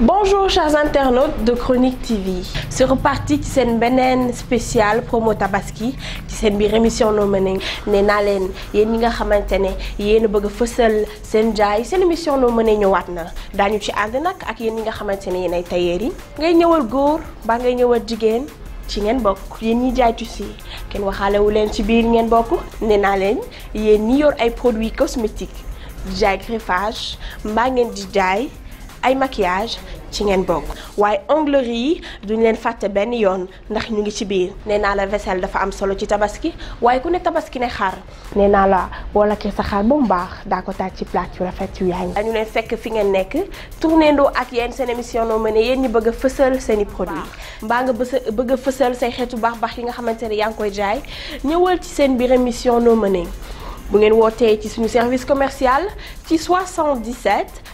Bonjour chers internautes de Chronique TV c'est reparti ci une benen spécial promo tabaski ci s'est une émission Nous nga xamantene ne bëgg a sen jaay émission noo ñëwaat na Dañu ci and nak ak nga xamantene ay ngay ba ngay ci tu si waxale wu len ci biir ngeen bok. produit produits cosmétiques di ay maquillage ci ngeen bokk waaye onglerie yi duñ leen fàtte benn yoon ndax ñu ngi ci biir nee naa la vaisselle dafa am solo ci tabaski waaye ku ne tabaski ne xar nee naa la boo lakkee sa xar bu baax daa ko taaj ci plat yu rafet yu yaay dañu leen fekk fi ngeen nekk tourné tournéndoo ak yéen seen émission noo mëne yéen ñi bëgg a fësal seen i produit mbaa nga bëgg a fësal say xeetu baax baax yi nga xamante ne yaa ngi koy jaay ñëwal ci seen biir émission noo mëne bu ngeen wootee ci suñu service commercial ci 77